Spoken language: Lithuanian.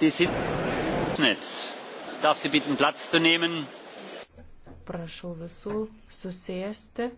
Die Darf Sie bitten, Platz zu nehmen? Prašau visų susėsti.